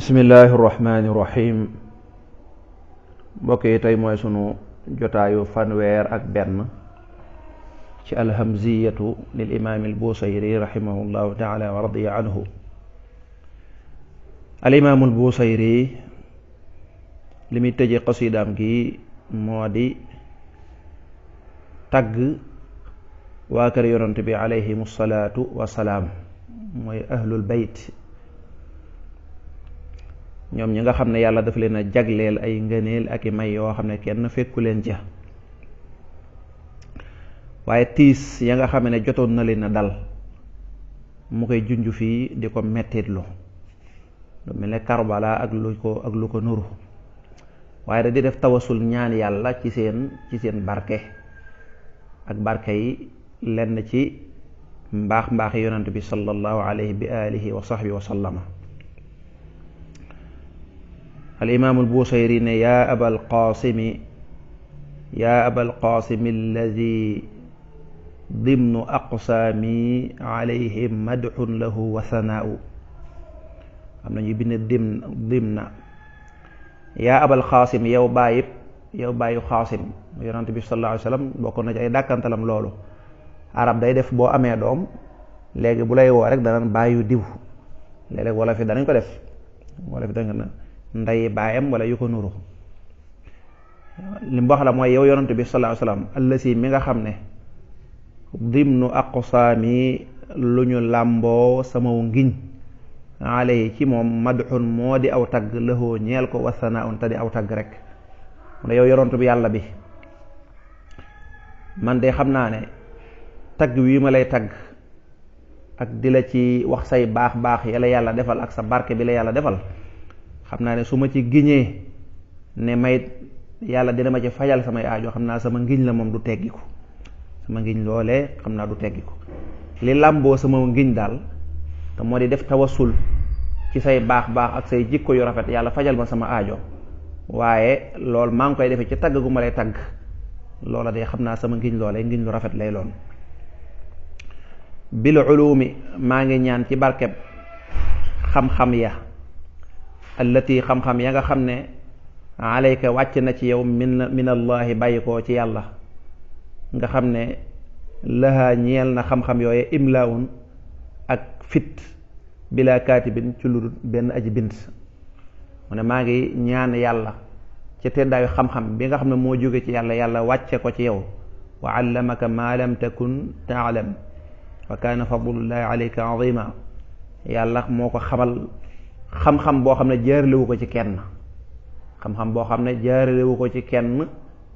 bismillaahi rahmaani rahiim mbokk yi tey mooy sunu jotaayu fanweer ak benn ci alhamziyatu lil imaami albuusayri rahimahullahu taala wa radiya anhu alimaamu albuusayri li muy tëje qasidaam gi moo di tagg waa kër yonent bi alayhim salaatu wa salaam mooy ahlul bayt ñoom ñi nga xam ne yàlla dafa leen a jagleel ay ngëneel ak i may yoo xam ne kenn fekku leen ca waaye tiis ya nga xam ne jotoon na leen a dal mu koy junju fii di ko mettitlu lu mel ne Karbala ak lu ko ak lu ko nuru waaye da di def tawasul ñaan yàlla ci seen ci seen barke ak barke yi lenn ci mbaax mbaaxi yonent bi sallallahu alayhi bi alihi wa sahbi wa sallama alimamu albuusayri ne yaa abal qaasimi yaa abal qaasimi alladi dimnu aqsaami alayhi madxun lahu wa sanaau am nañuy bind dim dimna yaa abal xaasim yow bàyyib yow bàyyu xaasim yonante bi sallallahu alayhi wa sallam bokk na ci ay dàkkantalam loolu arab day def boo amee doom léegi bu lay woo rek danan bàyyu diw léeg-léeg wala fi danañ ko def wala fi danañ ko ndey baayam wala yu ko nuru li mu wax la mooy yow yonante bi sallallahu alayhi wasallam allasi mi nga xam ne dimnu aqsaami lu ñu làmboo samaw ngiñ alayhi ci moom madxun moo di aw tagg lëxoo ñeel ko wasanaun te di aw tagg rek mu ne yow yoront bi yàlla bi man de xam naa ne tagg wii ma lay tagg ak di la ci wax say baax baax yala yàlla defal ak sa barke bi la yàlla defal xam naa ne su ma ci giñee ne may yàlla dina ma ci fajal samay aajo xam naa sama ngiñ la moom du teggiku sama ngiñ loolee xam naa du teggiku li làmboo sama ngiñ daal te moo di def tawasul ci say baax baax ak say jikko yu rafet yàlla fajal ma sama aajo waaye loolu maa ngi koy defee ci tagg gu ma lay tagg loola de xam naa sama ngiñ loolee ngiñ lu rafet lay loon bil ulumi maa ngi ñaan ci barkeb xam-xam ya allati xam-xam ya nga xam ne alayka wàcc na ci yow min minallahi bàyyi koo ci yàlla nga xam ne laha na xam-xam yooye ak fit bila kaatibin ci lu benn aji bind mu maa ngi ñaan yàlla ci teddaayu xam-xam bi nga xam ne moo jóge ci yàlla yàlla wàcce ko ci yow wa allamaka ma lam takun taalam wa kaana fadlullahi alayka azima yàlla moo ko xamal xam-xam boo xam ne jaaralewu ko ci kenn xam-xam boo xam ne jaaralewu ko ci kenn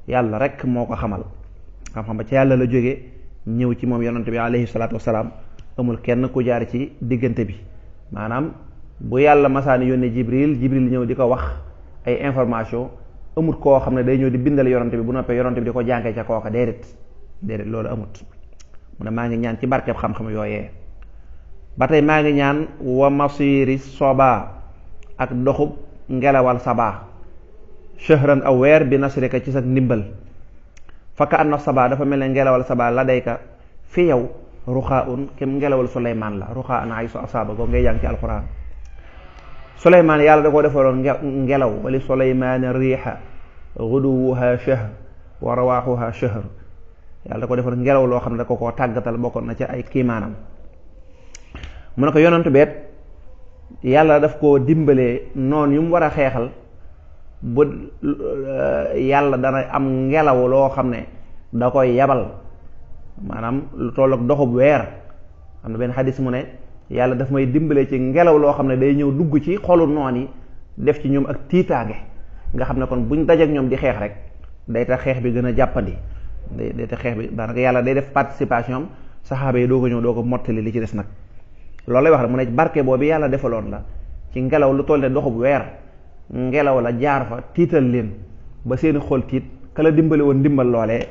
yàlla rek moo ko xamal xam-xam ba ca yàlla la jóge ñëw ci moom yonante bi alayhi salaatu wasalaam amul kenn ku jaar ci diggante bi maanaam bu yàlla masaani yónnee jibril jibril ñëw di ko wax ay information amut koo xam ne day ñëw di bindal yonante bi bu noppee yonante bi di ko jàngee ca kooka déedéet déedéet loolu amut mu ne maa ngi ñaan ci barkeb xam-xam yooyee ba tey maa ngi ñaan wa masiri soba ak doxub ngelawal sabaa shahran aw weer bi nasrika ci sa ndimbal fakka na sabaa dafa mel ne ngelawal sabaa la dayka fi yow ruxaa un kem ngelawal suleymaan la ruxaa an ay su asaaba ko ngay jàng ci alxuraan suleymaan yàlla da ko defaloon ngelaw wali suleymaana riixa guduwuha shahr wa rawaaxuha shahr yàlla da ko defaloon ngelaw loo xam ne da ko koo tàggatal bokkoon na ci ay kiimaanam mu ne ko yonent beet yàlla daf koo dimbalee noonu yu mu war a xeexal bu eh, yàlla dana am ngelaw loo xam ne da koy yabal maanaam lu toll ak doxub weer am na benn xadis mu ne yàlla daf may dimbale ci ngelaw loo xam ne day ñëw dugg ci xolu noon yi def ci ñoom ak tiitaange nga xam ne kon buñ dajeek ñoom di xeex rek day tax xeex bi gën a jàppandi day day tax xeex bi daanaka yàlla day def participation am saxaaba yi doo ko ñëw doo ko mottali li ci des nag loolu lay wax rek mu ne barke boobu yàlla defaloon la ci ngelaw lu toll ne doxub weer ngelaw la jaar fa tiital leen ba seeni xol tiit kala dimbali woon ndimbal loolee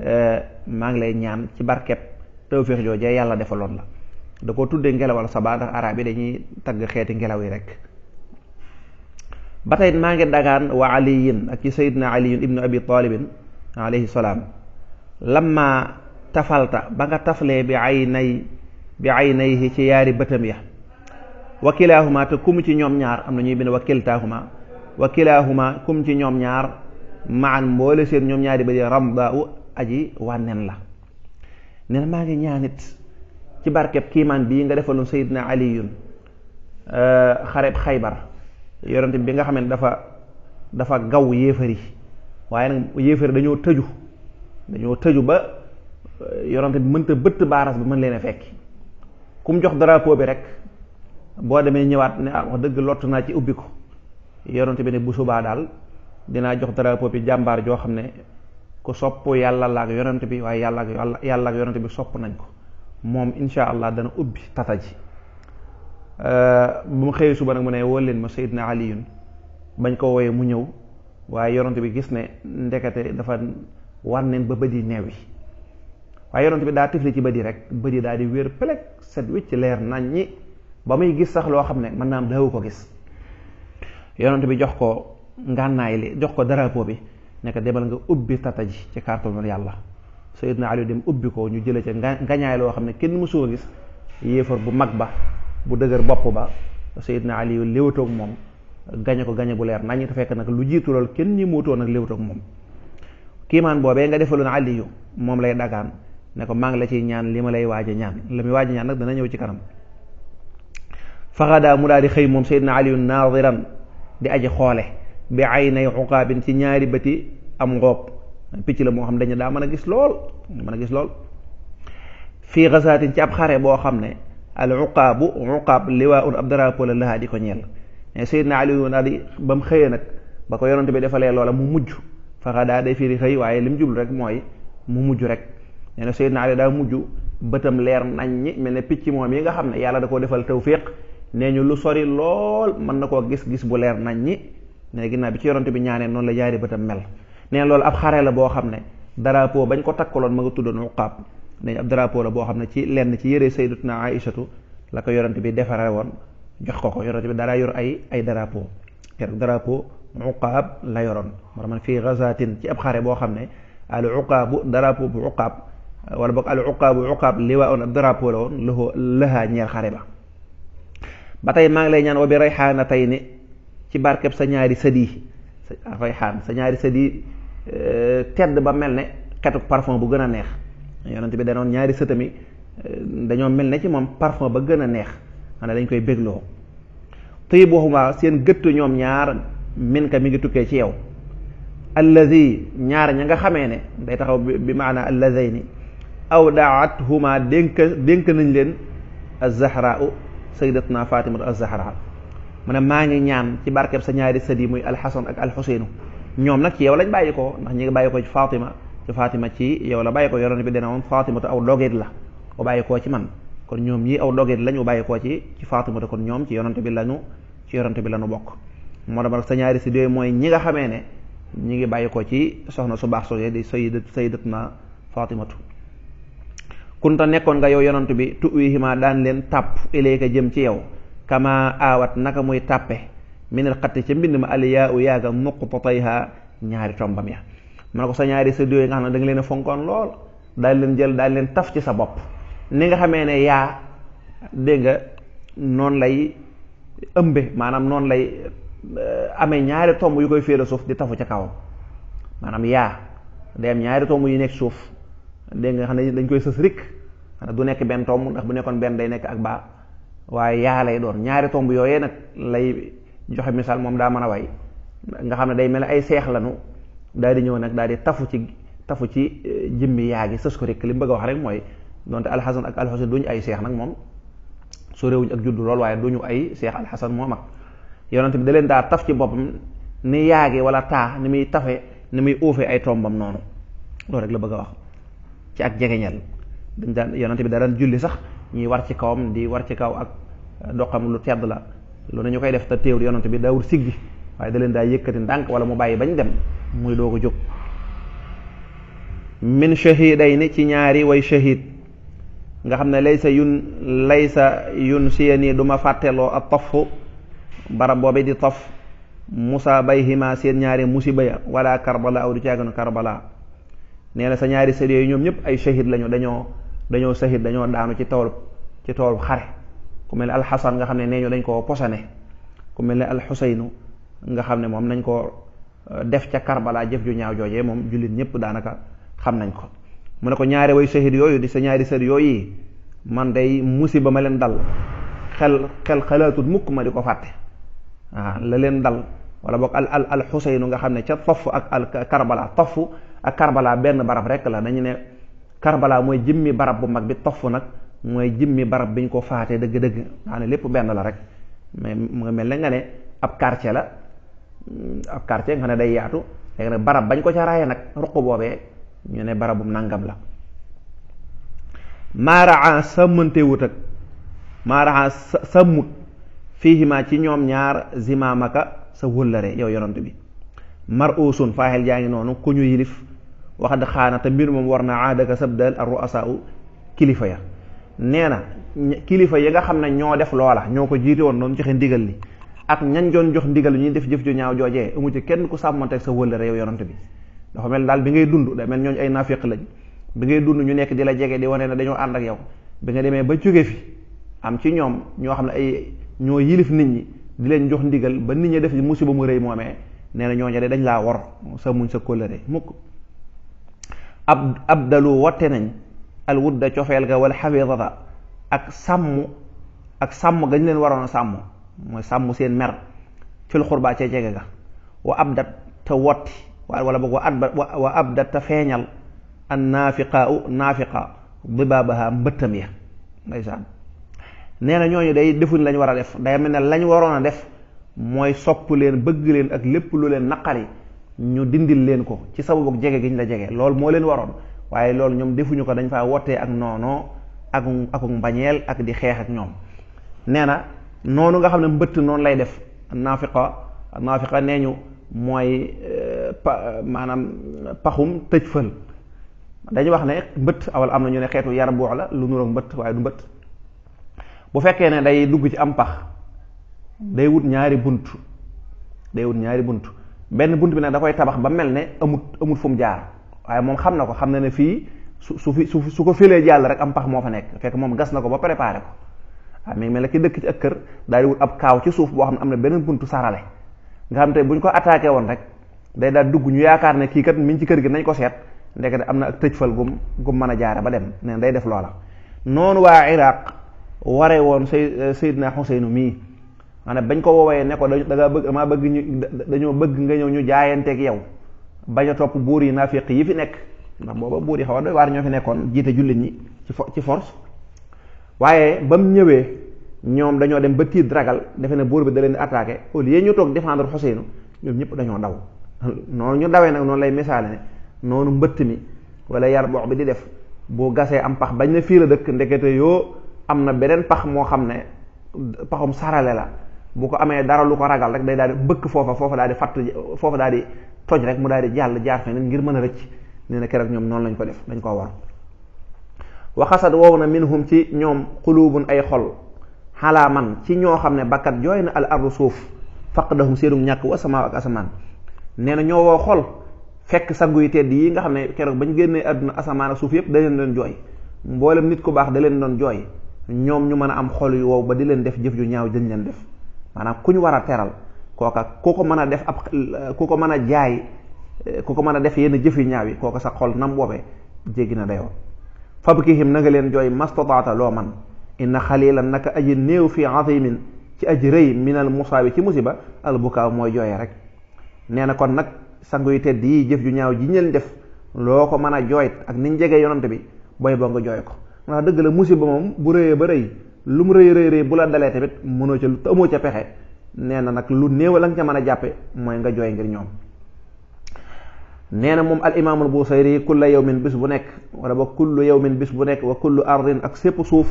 eh, maa ngi lay ñaan ci barkeb tawféex joojee yàlla defaloon la da ko tuddee ngelawal saba ndax arab yi dañuy tagg xeeti ngelaw yi rek ba tey maa ngi dagaan wa aliyin ak ci sayidna aliyun ibnu abi talibin alayhi salaam lamma tafalta ba nga taflee bi ay nay bi aynayhi ci yaari bëtam ya wa te kum ci ñoom ñaar am na ñuy bind wa kiltaahuma kum ci ñoom ñaar maan mboole seen ñoom ñaari bët ya ramda u aji wànnen la neen maa ngi ñaanit ci barkeb kiimaan bii nga defaloon Seydina Aliyun euh, xareb xaybar yonent bi nga xam ne dafa dafa gaw yéefar yi waaye nag yéefar dañoo tëju dañoo tëju ba euh, yonent bi mënta bëtt baaras bi mën leen a fekki ku mu jox drapeau bi rek boo demee ñëwaat ne ah wax dëgg lott naa ci ubbi ko yonent bi ne bu subaa daal dinaa jox drapeau bi jàmbaar joo xam ne ku sopp yàlla la ak bi waaye yàlla ak yàlla ak yonent bi sopp nañ ko moom insha allah dana ubbi tata ji euh, bu mu xëyee suba nag mu ne woo leen ma Seydina Aliyun bañ ko wooyee mu ñëw waaye yonent bi gis ne ndekete dafa wànneen ba bët yi neew yi waaye yonent bi daa tifli ci bët yi rek bët yi daa di wér pelek set wicc leer nañ ñi ba muy gis sax loo xam ne mën naa am daawu ko gis yonent bi jox ko ngànnaay li jox ko drapeau bi nekk demal nga ubbi tata ji ci carton yàlla Sayyidna Ali dem ubbi ko ñu jëlee ca ngañaay loo xam ne kenn mësu ko gis yéefar bu mag ba bu dëgër bopp ba Sayyidna Ali léewatoog moom gañe ko gañe bu leer nañ te fekk nag lu jiitu lool kenn ñi muutoon ak léewatoog moom kiimaan boobee nga defaloon moom lay dagaan ne ko maa ngi la ciy ñaan li ma lay waaj ñaan la muy waaj a ñaan nag dana ñëw ci kanam faxadaa mu daal di xëy moom saydna aliyun naadiran di aji xoole bi ay nay ci ñaari bëti am ngoob picc la moo xam dañu daa mën a gis lool a gis lool fii xasaatin ci xare boo xam ne al uqaabu uqaab liwaa ko ñeel mais Seydina Aliou daal ba mu xëyee nag ba ko yonante bi defalee loola mu mujj faxa daa day firi xëy waaye li mu jublu rek mooy mu mujj rek nee na Seydina Ali daa mujj bëtam leer nañ ñi mel ne picc moom yi nga xam ne yàlla da koo defal tawfiq nee ñu lu sori lool mën na koo gis-gis bu leer nañ naññi ne ginnaaw bi ci yonante bi ñaanee noonu la jaari bëtam mel nee loolu ab xare la boo xam ne drapeau bañ ko takkaloon ma nga tuddoon uqaab ne ab drapeau la boo xam ne ci lenn ci yëre sayyidatuna Aïshatu la ko yonante bi defaree woon jox ko ko yonante bi dara yor ay ay drapeau keroog drapeau la yoroon ci ab xare boo xam ne al uqaabu drapeau wala boog al uqaabu uqaab li waa oon ab drapeau la woon lëxoo lëxaa ñeel xare ba ba tey maa ngi lay ñaan wa bi rayxaana tey ni ci barkeb sa ñaari sëdii rayxaan sa ñaari sëdii euh, tedd ba mel ne xetuk parfum bu gën a neex yonent bi danoon ñaari sëtami euh, dañoo mel ne ci moom parfum ba gën a neex maanaam dañ koy bégloo tey boo xuma seen gëttu ñoom ñaar min mi ngi tukkee ci yow allazi ñaar ña nga xamee ne day taxaw bi maana allazayni aw daat huma dénk dénk nañ leen azzahrau naa fatimatu azzahra mu ne maa ngi ñaan ci barkeb sa ñaari sët yi muy alxasan ak alxuseynu ñoom nag ci yow lañ bàyyi ko ndax ñu ngi bàyyi ko ci fatima ci fatima ci yow la bàyyi ko bi dana woon aw dogeet la u bàyyi koo man kon ñoom ñii aw dogeet lañu bàyyi koo ci ci fatimatu kon ñoom ci yonent bi lañu ci yonent bi lañu bokk moo dama sa ñaari sët yooyu mooy ñi nga xamee ne ñi ngi bàyyi ko ci soxna su baax sooyee di sayyidat sayyidatuna fatimatu kunta nekkoon nga yow yonant bi tu tuwihimaa daan leen tàpp ilayka jëm ci yow kama aawat naka muy tàppe minel xatti ci mbind ma aliyaa u yaaga muqtatayha ñaari tombam ya mu ne ko sa ñaari sa diyo yi nga leen a fonkoon lool daal leen jël daal leen taf ci sa bopp ni nga xamee ne yaa dégg nga noonu lay ëmbe maanaam noonu lay eh, amee ñaari tomb yu koy féere suuf di tafu ca kaw maanaam yaa ñaari tomb yu nekk suuf dégg nga xam ne dañ koy sës rikk du nekk benn tomb ndax bu nekkoon benn day nekk ak baa waaye yaa lay doon ñaari tomb yooyee nag lay joxe misaal moom daa mën a way nga xam ne day mel ay seex lanu daal di ñëw nag daal di tafu ci tafu ci eh, jimmi yaa gi sës ko rek li mu bëgg a wax rek mooy donte alxasan ak du duñu ay seex nag moom su réewuñ ak juddu lool waaye du ñu ay seex alxasan moom ak yonent bi daleen leen daa taf ci boppam ni yaagi wala taa ni muy tafe ni muy uufe ay tombam noonu loolu rek la bëgg a wax ci ak jegeñal dañ daan yonante bi da daan julli sax ñuy war ci kawam di war ci kaw ak doxam lu tedd la loolu ñu koy def te teewul yonante bi daawul siggi waaye da leen daa yëkkati ndànk wala mu bàyyi bañ dem muy doo ko jóg min shahidayni ci ñaari way shahid nga xam ne laysa yun laysa yun siyani du ma fàtteloo ab toff barab boobe di tof musaa bay hima seen ñaari musiba ya wala karbala aw du caaganu karbala nee na sa ñaari sëriñ yi ñoom ñëpp ay shahid lañu dañoo dañoo sahid dañoo daanu ci toolu ci toolu xare ku mel ne xasan nga xam ne nee ñu dañ koo posone ku mel ne alxuseynu nga xam ne moom nañ koo euh, def ca Karbala jëf ju ñaaw joojee moom jullit ñëpp daanaka xam nañ ko mu ne ko ñaari way sahid yooyu di sa ñaari sër yooyu man day musiba ma leen dal xel xel xalaatut mukk ma di ko fàtte ah la leen dal wala boog al al al xuseynu nga xam ne ca toff ak al Karbala toff ak Karbala benn barab rek la dañu ne Karbala mooy jëmmi barab bu mag bi toff nag mooy jëmmi barab bi ñu ko faatee dëgg-dëgg maa ne lépp benn la rek mais mu nga mel ne nga ne ab quartier la hmm, ab quartier nga xam ne day yaatu léegi nag barab bañ ko ca raaye nag ruq boobee ñu ne barabum nàngam la maaraa sàmmantewut ak maaraa sàmmut fiihima ci ñoom ñaar zimaamaka sa wëllëre yow yonant bi mar usun faaxel jaa ngi noonu ku ñu yilif waxad xaana te mbir moom war na aadaka sabdal ar ruasaa kilifa ya nee na kilifa yi nga xam ne ñoo def loola ñoo ko jiite woon doon joxe ndigal li ak ñan doon jox ndigal li ñuy def jëf ju ñaaw joojee amu kenn ku sàmmanteeg sa wëllëre yow yonante bi dafa mel daal bi ngay dund da mel ñooñu ay naaféq lañ bi ngay dund ñu nekk di la jege di wane na dañoo ànd ak yow bi nga demee ba jóge fi am ci ñoom ñoo xam ne ay ñoo yilif nit ñi di leen jox ndigal ba nit ñi def musiba mu rëy moomee nee na ñooñu de dañ laa wor sa muñ sa kóllëre mukk ab abdalu wotte nañ al wudda cofeel ga wala xafidata ak sàmm ak sàmm gañ leen waroon a sàmm mooy sàmm seen mer fil xurbaa ca jege ga wa abdat te wotti wala boog wa abdat wa abdat te feeñal an u naafiqa dibaabaha mbëttam ya nee na ñooñu day defuñ lañ war a def day mel ne lañ waroon a def mooy sopp leen bëgg leen ak lépp lu leen naqari ñu dindil leen ko ci sababu jege gi ñu la jege lool moo leen waroon waaye loolu ñoom defuñu ko dañ faa wootee ak noonoo ak ak mbañeel ak di xeex ak ñoom nee na noonu nga xam ne mbëtt noonu lay def naafiqa naafiqa nee ñu mooy euh, pa maanaam paxum tëj fël dañuy wax ne mbëtt awal am na ñu ne xeetu yaram boox la lu nuroog mbëtt waaye du mbëtt bu fekkee ne day dugg ci am pax day wut ñaari bunt day wut ñaari bunt benn bunt bi nag da koy tabax ba mel ne amut amut fu mu jaar waaye moom xam na ko xam na ne fii su su fi su ko félee jàll rek am pax moo fa nekk fekk moom gas na ko ba préparé ko waaw mi ngi mel ne ki dëkk ci ak kër daal ab kaaw ci suuf boo xam ne am na beneen buntu sarale nga xam ko attaqué woon rek day daal dugg ñu yaakaar ne kii kat mi ngi ci kër gi nañ ko seet ndekete am na ak tëjfal gum gum mën a jaare ba dem neen day def loola noonu waa iraq ware woon say Seydina Xuseynu mii maanaam bañ ko woowee ne ko da nga bëgg damaa bëgg ñu dañoo bëgg nga ñëw ñu jaayanteek yow bañ a topp buur yi naa naafeq yi fi nekk ndax booba buur yi xaw a doy waar ñoo fi nekkoon jiite jullit ñi ci ci force waaye ba mu ñëwee ñoom dañoo dem ba tiit ragal defe ne buur bi da leen di attaqué au lieu ñu toog défendre Xuseynu ñoom ñëpp dañoo daw noonu ñu dawee nag noonu lay misaale ne noonu mbëtt mi wala yar boox bi di def boo gasee am pax bañ na fii la dëkk ndekete yoo am na beneen pax moo xam ne paxum sarale la bu ko amee dara lu ko ragal rek day daal bëkk foofa foofa daal di fattu foofa daal di toj rek mu daal di jàll jaar feneen ngir mën a rëcc nee na keroog ñoom noonu lañ ko def dañ koo war waxasat woowu na minhum ci ñoom xuluubun ay xol xalaa man ci ñoo xam ne bakkat jooy na al ardu suuf faqdahum séenum ñàkk wa sama asamaan nee na ñoo woo xol fekk sangu yi tedd yi nga xam ne keroog bañ génnee àdduna asamaan ak suuf yëpp da leen doon jooy mboolem nit ku baax da leen doon jooy ñoom ñu mën a am xol yu wow ba di leen def jëf yu ñaaw jëñ leen def maanaam ku ñu war a teral kooka ku ko mën a def ab ku ko mën a jaay ku ko mën a def yenn jëf yu ñaaw yi kooka sa xol nam wobe jéggi na dayoo fabkihim na nga leen jooy mastataata loo man inna xalilan naka aji néew fi azimin ci aji rëy minal musaabi ci musiba albukaaw mooy jooye rek nee na kon nag sangu yu tedd yi jëf yu ñaaw ji ñu leen def loo ko mën a jooyt ak niñ jege yonante bi booy boo nga jooy ko ndax dëgg la musiba moom bu rëyee ba rëy lu mu rëy rëy rëy bu la dalee tamit mënoo ca te amoo ca pexe nee na nag lu néew la nga ca mën a nga jooy na moom al imaamul busayri kulla yawmin bis bu nekk wala ba kullu bu nekk wa kullu ardin ak sépp suuf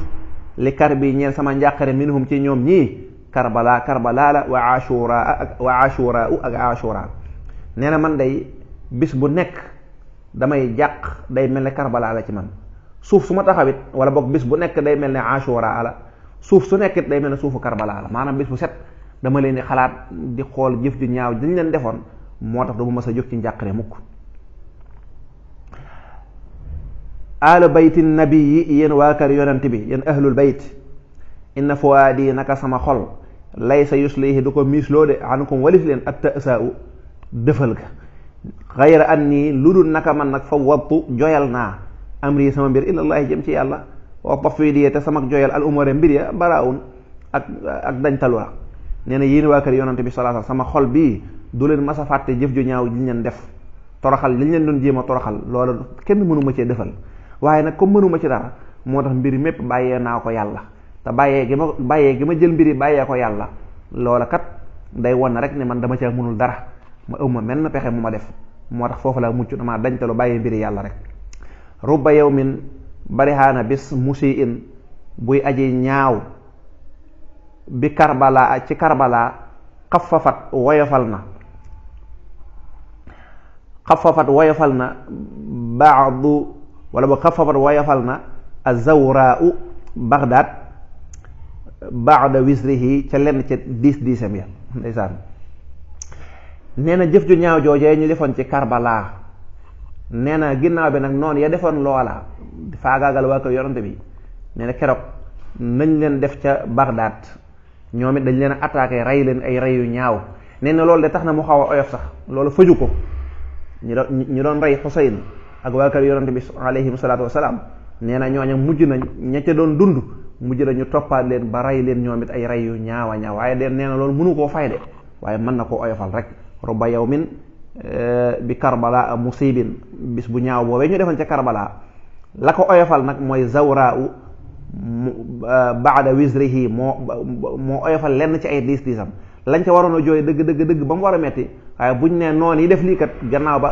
li kar bi ñeen sama njàqare minhum ci ñoom ñii karbala karbala la wa ashura ak wa na man day bis bu nekk damay jàq day mel ni karbala la ci man suuf su ma taxawit wala boog bis bu nekk day mel ne ashura suuf su nekk day mel ne suufu Karbala la maanaam bis bu set dama leen di xalaat di xool jëf ju ñaaw dañ leen defoon moo tax du ma mës a jóg ci njàqare mukk ahlu bayti nabi yi yéen waa kër yonent bi yéen ahlul bayt inna fuwaadi naka sama xol laysa yuslihi du ko miisloo de ankum walif leen at tasaau dëfal ga xayra an nii lu dul naka man nag fa wattu joyal naa amri sama mbir ilallaahi jëm ci yàlla wa tafwidiya te sama jooyal al umore mbir ya baraawun ak ak dañtalu la nee na yéen waa kër yonante bi sallallahu alayhi sama xol bii du leen mas a fàtte jëf ju ñaaw liñ leen def toroxal liñ leen doon jéema a toroxal loola kenn mënuma cee defal waaye nag comme mënuma ci dara moo tax mbir mépp bàyyee naa ko yàlla te bàyyee gi ma bàyyee gi ma jël mbiri bàyyee ko yàlla loola kat day won rek ne man dama caa mënul dara ma ëw ma menn pexe mu ma def moo tax foofu laa mucc damaa dañtalu bàyyee mbiri yàlla rek barixaana bis musi in buy aji ñaaw bi karbala ci karbala xafafat woyofal na xafafat woyofal na baadu wala ba xafafat woyofal na azawraau bagdaad baada wisrihi ca lenn ca diis diisam ya ndeysaan na jëf ju ñaaw joojee ñu defoon ci karbala nee na ginnaaw bi nag noon ya defoon loola faagaagal waa kër yonante bi nee na keroog nañ leen def ca Bagdad ñoom it dañ leen a attaqué rey leen ay rey yu ñaaw nee na loolu de tax na mu xaw a oyof sax loolu fëju ko ñu doon ñu doon rey Xuseyn ak waa kër yonante bi alayhim salaatu wasalaam nee na ñooña mujj nañ ña doon dund mujj nañu toppaat leen ba rey leen ñoom it ay rey yu ñaawa ñaaw waaye de nee na loolu mënu koo fay de waaye mën na koo oyofal rek ruba yawmin eh, bi karbala musibin bis bu ñaaw boobee ñu defoon ca karbala la ko oyofal nag mooy zawraa u euh, baada wisrihi moo moo oyofal lenn ci ay diis diisam lañ ca waroon a jooy dëgg dëgg dëgg ba mu war a metti waaye buñ nee noon yi def lii kat gannaaw ba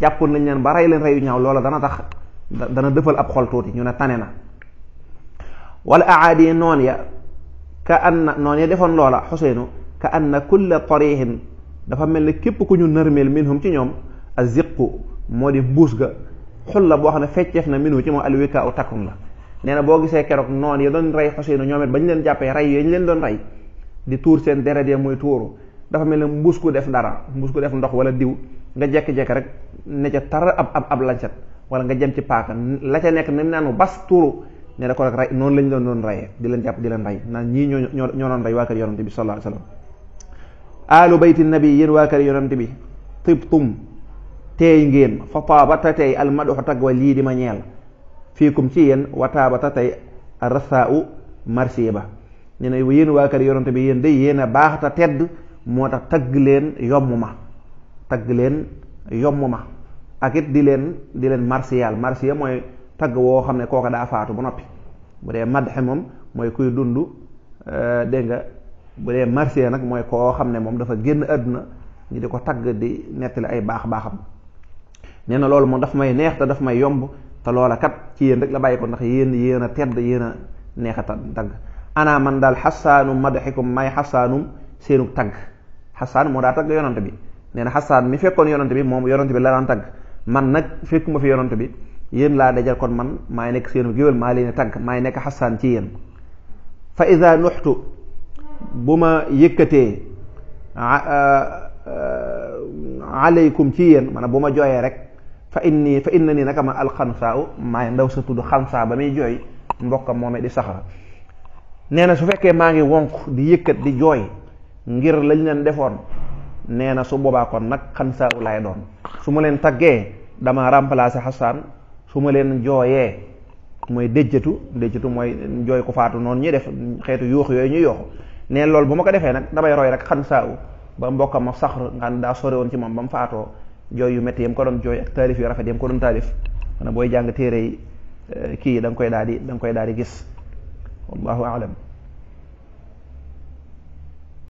jàppoon nañ leen ba rey leen reyu ñaaw loola dana tax dana dëfal ab xool tuuti ñu ne tane na walla aadi noon ya ka anna noon ya defoon loola xuseynu ka na kulla tarihin dafa mel ne képp ku ñu nërmeel minhum ci ñoom a aziqu moo di mbuus ga xul la boo xam ne fecceef na minu ci moom alwika u takkum la nee na boo gisee keroog noon ya doon rey Xuseenu ñoom it ba ñu leen jàppee rey yooyu ñu leen doon rey di seen deret ya muy tuuru dafa mel ne mbuus ku def dara mbuus ku def ndox wala diw nga jekki rek ne ca tara ab ab ab lancet wala nga jëm ci paaka la nekk nañ naan bas tuuru ne ko rek rey noonu lañ doon doon reyee di leen jàpp di leen rey naan ñii ñoo ñoo ñoo doon rey waa kër yonante bi sallallahu alayhi wa sallam aalu bayti nabi yéen waa kër yonante bi tibtum teey ngeen fa taaba ta tey almadoxu tag wa lii di ma ñeel fiikum ci yéen wa taaba tey arasa u marsiya ba ne ne yéen waa kër yonante bi yéen day yéen a baax te tedd moo tax tagg leen yomb ma tagg leen yomb ma ak it di leen di leen marsiyaal marsiya mooy tagg woo xam ne kooka daa faatu ba noppi bu dee madxe moom mooy kuy dund euh, dégg nga bu dee marsiya nag mooy koo xam ne moom dafa génn àdduna ñu di ko tagg di nettali ay baax baaxam nee na loolu moom daf may neex te dafa may yomb te loola kat ci yéen rek la bàyyi ko ndax yéen yéen a tedd yéen a neex a tagg ana man daal xasaanum madaxikum may xasaanum seenu tagg xasaan moo daa tagg yonante bi nee na xasaan mi fekkoon yonante bi moom yonante bi la daan tagg man nag fekkuma fi yonante bi yéen laa dajal kon man maay nekk seenu géwél maa leen tagg maay nekk xasaan ci yéen fa ida nuxtu bu ma yëkkatee aleykum ci yéen maanaam bu ma jooyee rek fa inni fa inna nii naka ma alxansaa u maay ndaw sa tudd xansaa ba muy jooy mbokkam moomee di saxara nee na su fekkee maa ngi wonk di yëkkat di jooy ngir lañ leen defoon nee na su boobaa nag xansaa u laay doon su ma leen taggee dama remplacer xasaan su ma leen jooyee mooy déjjatu déjjatu mooy jooy ku faatu noonu ñuy def xeetu yuux yooyu ñu yuuxu neen lool bu ma ko defee nag damay roy rek xansaa u ba mbokkam ma saxar nga daa sore woon ci moom ba mu faatoo jooy yu métti yam ko doon jooy ak taalif yu rafet yam ko doon taalif maanaam booy jàng téere yi eh, kii da nga koy daal di da nga koy daal di gis wallahu alam